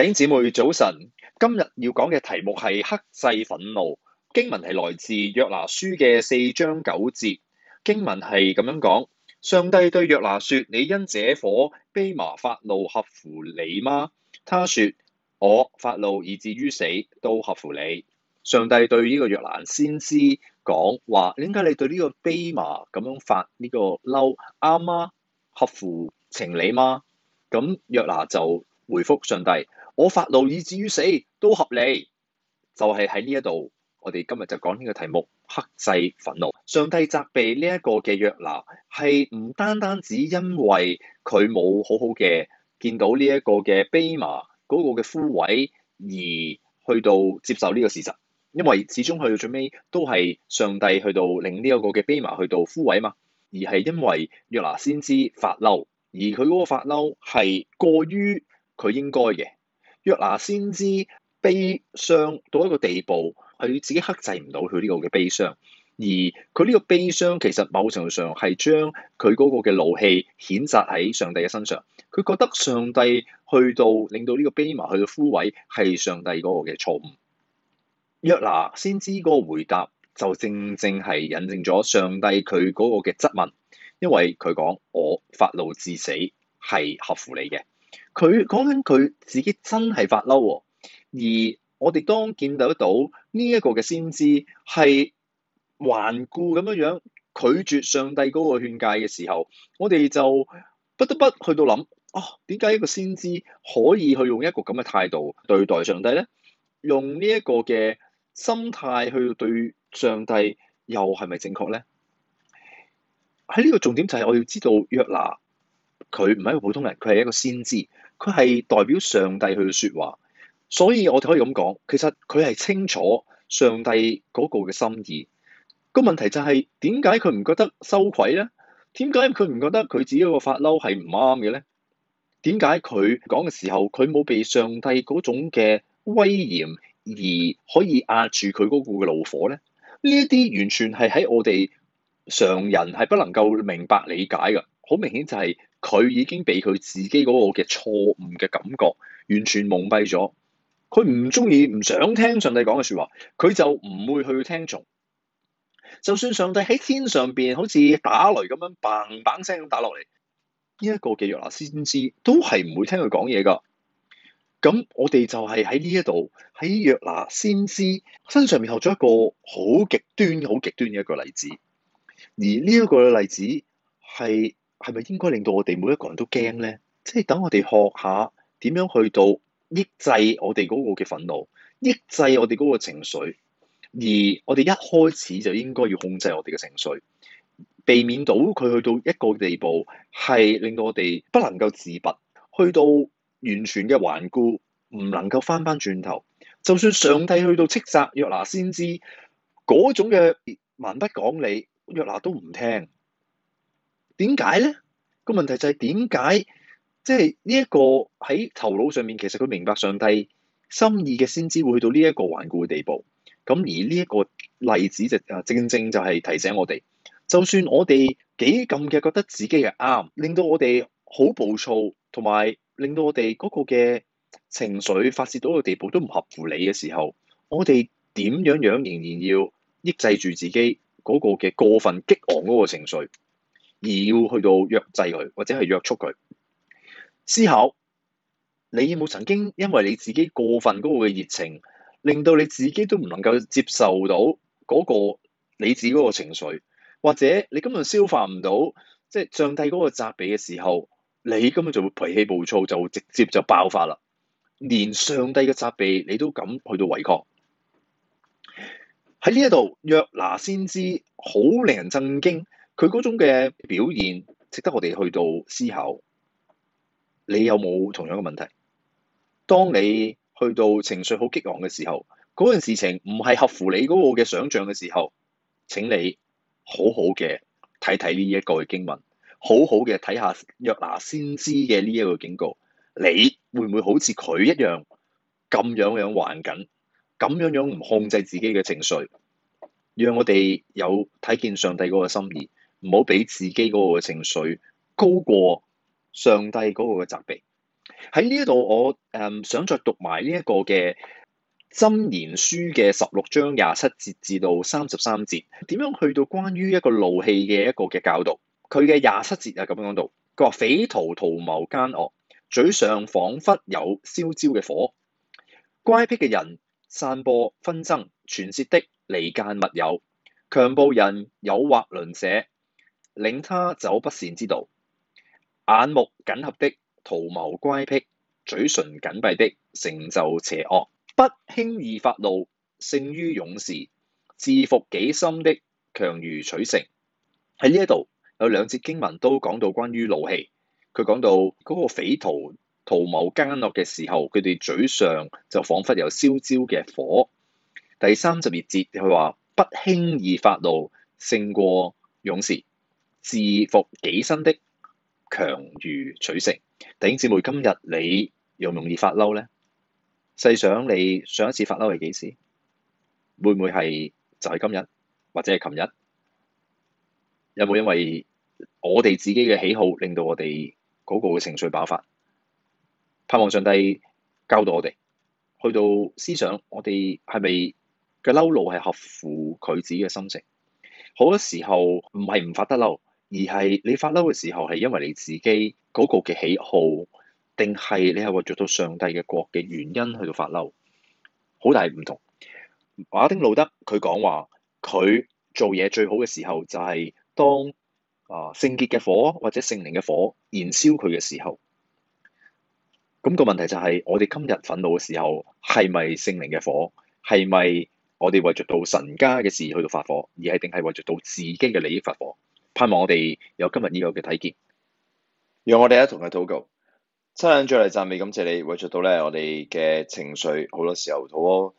弟兄姊妹早晨，今日要講嘅題目係克制憤怒經文，係來自約拿書嘅四章九節經文係咁樣講：，上帝對約拿說，你因這棵蓖麻發怒合乎理嗎？他說我發怒以至於死都合乎理。上帝對呢個約拿先知講話：，點解你對呢個蓖麻咁樣發呢個嬲啱嗎？合乎情理嗎？咁約拿就回覆上帝。我發怒以至於死都合理，就係喺呢一度，我哋今日就講呢個題目：克制憤怒，上帝責備呢一個嘅約拿，係唔單單只因為佢冇好好嘅見到呢一個嘅蓖麻嗰個嘅枯萎，而去到接受呢個事實，因為始終去到最尾都係上帝去到令呢一個嘅蓖麻去到枯萎嘛，而係因為約拿先知發嬲，而佢嗰個發嬲係過於佢應該嘅。約拿先知悲傷到一個地步，佢自己克制唔到佢呢個嘅悲傷，而佢呢個悲傷其實某程度上係將佢嗰個嘅怒氣譴責喺上帝嘅身上，佢覺得上帝去到令到呢個蓖麻去到枯萎，係上帝嗰個嘅錯誤。約拿先知嗰個回答就正正係引證咗上帝佢嗰個嘅質問，因為佢講，我發怒致死係合乎你嘅。佢講緊佢自己真係發嬲喎，而我哋當見到到呢一個嘅先知係頑固咁樣樣拒絕上帝嗰個勸誡嘅時候，我哋就不得不去到諗，哦、啊，點解一個先知可以去用一個咁嘅態度對待上帝咧？用呢一個嘅心態去對上帝又係咪正確咧？喺呢個重點就係我要知道約拿。佢唔係一個普通人，佢係一個先知，佢係代表上帝去説話，所以我哋可以咁講，其實佢係清楚上帝嗰個嘅心意。個問題就係點解佢唔覺得羞愧咧？點解佢唔覺得佢自己個發嬲係唔啱嘅咧？點解佢講嘅時候佢冇被上帝嗰種嘅威嚴而可以壓住佢嗰個嘅怒火咧？呢一啲完全係喺我哋常人係不能夠明白理解嘅。好明顯就係佢已經畀佢自己嗰個嘅錯誤嘅感覺完全蒙蔽咗。佢唔中意唔想聽上帝講嘅説話，佢就唔會去聽從。就算上帝喺天上邊好似打雷咁樣砰砰聲咁打落嚟，呢、這、一個嘅約拿先知都係唔會聽佢講嘢噶。咁我哋就係喺呢一度喺約拿先知身上面學咗一個好極端好極端嘅一個例子，而呢一個嘅例子係。係咪應該令到我哋每一個人都驚咧？即係等我哋學下點樣去到抑制我哋嗰個嘅憤怒，抑制我哋嗰個情緒。而我哋一開始就應該要控制我哋嘅情緒，避免到佢去到一個地步，係令到我哋不能夠自拔，去到完全嘅頑固，唔能夠返返轉頭。就算上帝去到斥責約拿先知，嗰種嘅蠻不講理，約拿都唔聽。點解咧？個問題就係點解，即係呢一個喺頭腦上面，其實佢明白上帝心意嘅，先知會去到呢一個頑固嘅地步。咁而呢一個例子就啊，正正就係提醒我哋，就算我哋幾咁嘅覺得自己嘅啱，令到我哋好暴躁，同埋令到我哋嗰個嘅情緒發洩到一個地步都唔合乎理嘅時候，我哋點樣樣仍然要抑制住自己嗰個嘅過分激昂嗰個情緒。而要去到約制佢，或者係約束佢思考，你有冇曾經因為你自己過分嗰個嘅熱情，令到你自己都唔能夠接受到嗰、那個你自己嗰個情緒，或者你根本消化唔到，即、就、係、是、上帝嗰個責備嘅時候，你根本就會脾氣暴躁，就直接就爆發啦。連上帝嘅責備你都敢去到違抗，喺呢一度，約拿先知好令人震驚。佢嗰種嘅表現值得我哋去到思考。你有冇同樣嘅問題？當你去到情緒好激昂嘅時候，嗰件事情唔係合乎你嗰個嘅想象嘅時候，請你好好嘅睇睇呢一個嘅經文，好好嘅睇下約拿先知嘅呢一個警告，你會唔會好似佢一樣咁樣還樣玩緊，咁樣樣唔控制自己嘅情緒，讓我哋有睇見上帝嗰個心意。唔好俾自己嗰個情緒高過上帝嗰個嘅責備。喺呢一度，我誒、嗯、想再讀埋呢一個嘅《箴言書》嘅十六章廿七節至到三十三節，點樣去到關於一個怒氣嘅一個嘅教導？佢嘅廿七節啊咁講到，佢話匪徒圖謀奸惡，嘴上彷彿有燒焦嘅火；乖僻嘅人散播紛爭，傳説的離間密友，強暴人誘惑鄰舍。領他走不善之道，眼目緊合的圖謀乖僻，嘴唇緊閉的成就邪惡。不輕易發怒勝於勇士，自服己心的強如取勝。喺呢一度有兩節經文都講到關於怒氣。佢講到嗰個匪徒圖謀奸惡嘅時候，佢哋嘴上就仿佛有燒焦嘅火。第三十二節佢話不輕易發怒勝過勇士。制服己身的強如取勝。弟兄姊妹，今日你容唔容易發嬲咧？細想你上一次發嬲係幾時？會唔會係就係今日，或者係琴日？有冇因為我哋自己嘅喜好，令到我哋嗰個情緒爆發？盼望上帝教導我哋去到思想，我哋係咪嘅嬲怒係合乎佢自己嘅心情？好多時候唔係唔發得嬲。而係你發嬲嘅時候，係因為你自己嗰個嘅喜好，定係你係為著到上帝嘅國嘅原因去到發嬲，好大唔同。馬丁路德佢講話，佢做嘢最好嘅時候就係當啊、呃、聖潔嘅火或者聖靈嘅火燃燒佢嘅時候。咁、嗯那個問題就係、是，我哋今日憤怒嘅時候，係咪聖靈嘅火？係咪我哋為著到神家嘅事去到發火，而係定係為著到自己嘅利益發火？盼望我哋有今日呢個嘅體驗，讓我哋一同去禱告。親，再嚟讚美感謝你，為著到咧我哋嘅情緒，好多時候好多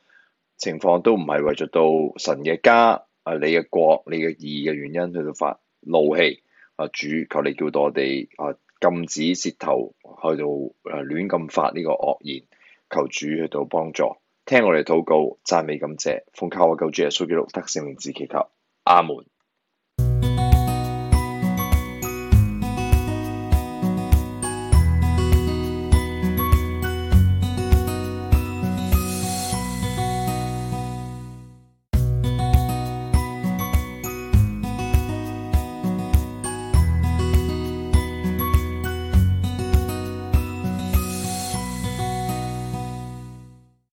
情況都唔係為著到神嘅家啊，你嘅國、你嘅義嘅原因去到發怒氣啊！主求你叫到我哋啊，禁止舌頭去到誒亂咁發呢個惡言，求主去到幫助。聽我哋禱告，讚美感謝，奉靠我救主耶穌基督得勝名字祈求，阿門。